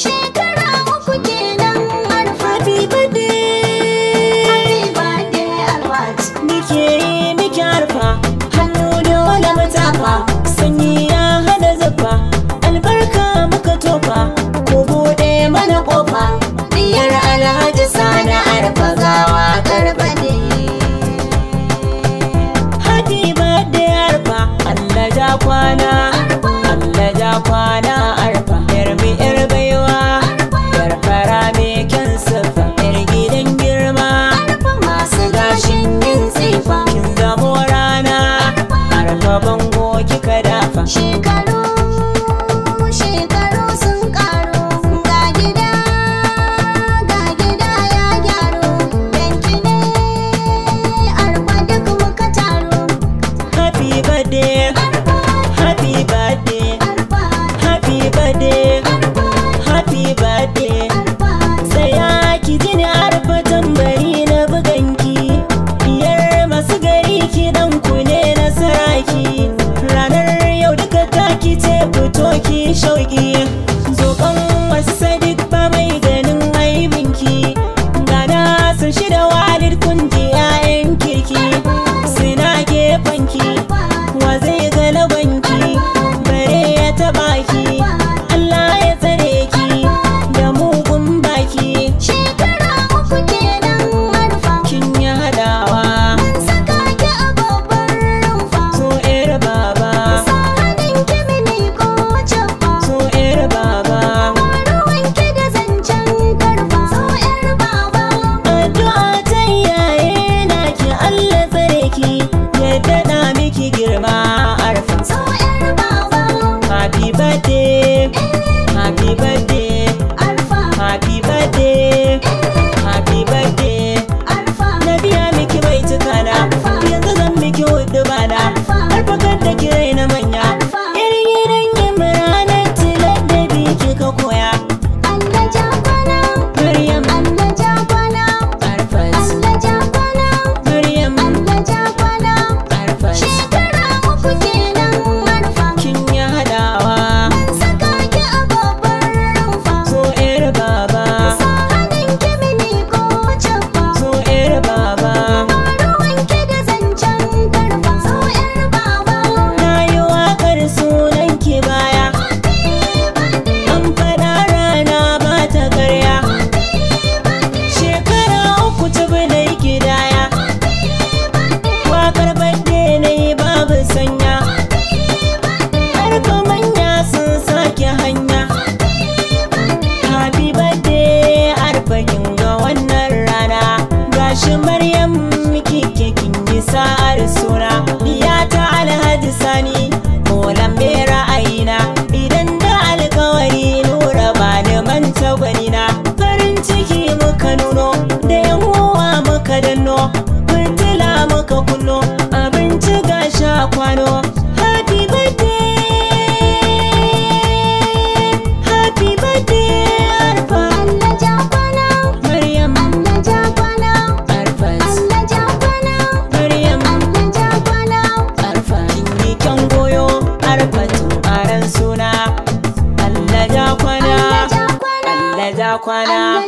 Shekara uku kenan an happy birthday Happy birthday Alwat Muke yi miki harfa hannu dole mu tafa sanyi ya hada zafa albarka muka tofa ku bude mana kofa diyar Alhaji Sani Arfa gawa karba ne Happy birthday Arfa Allah ja kwana She fitoki shauki zoƙon wasu duk ba mai ganin aibinki gana sun shida walir kundi 'ya'yan kirki suna gefanki wa zai galabanki bare ya taɓa ki Allah ya tsare ki da mugun baki shekara uku kenan 你们。kwana.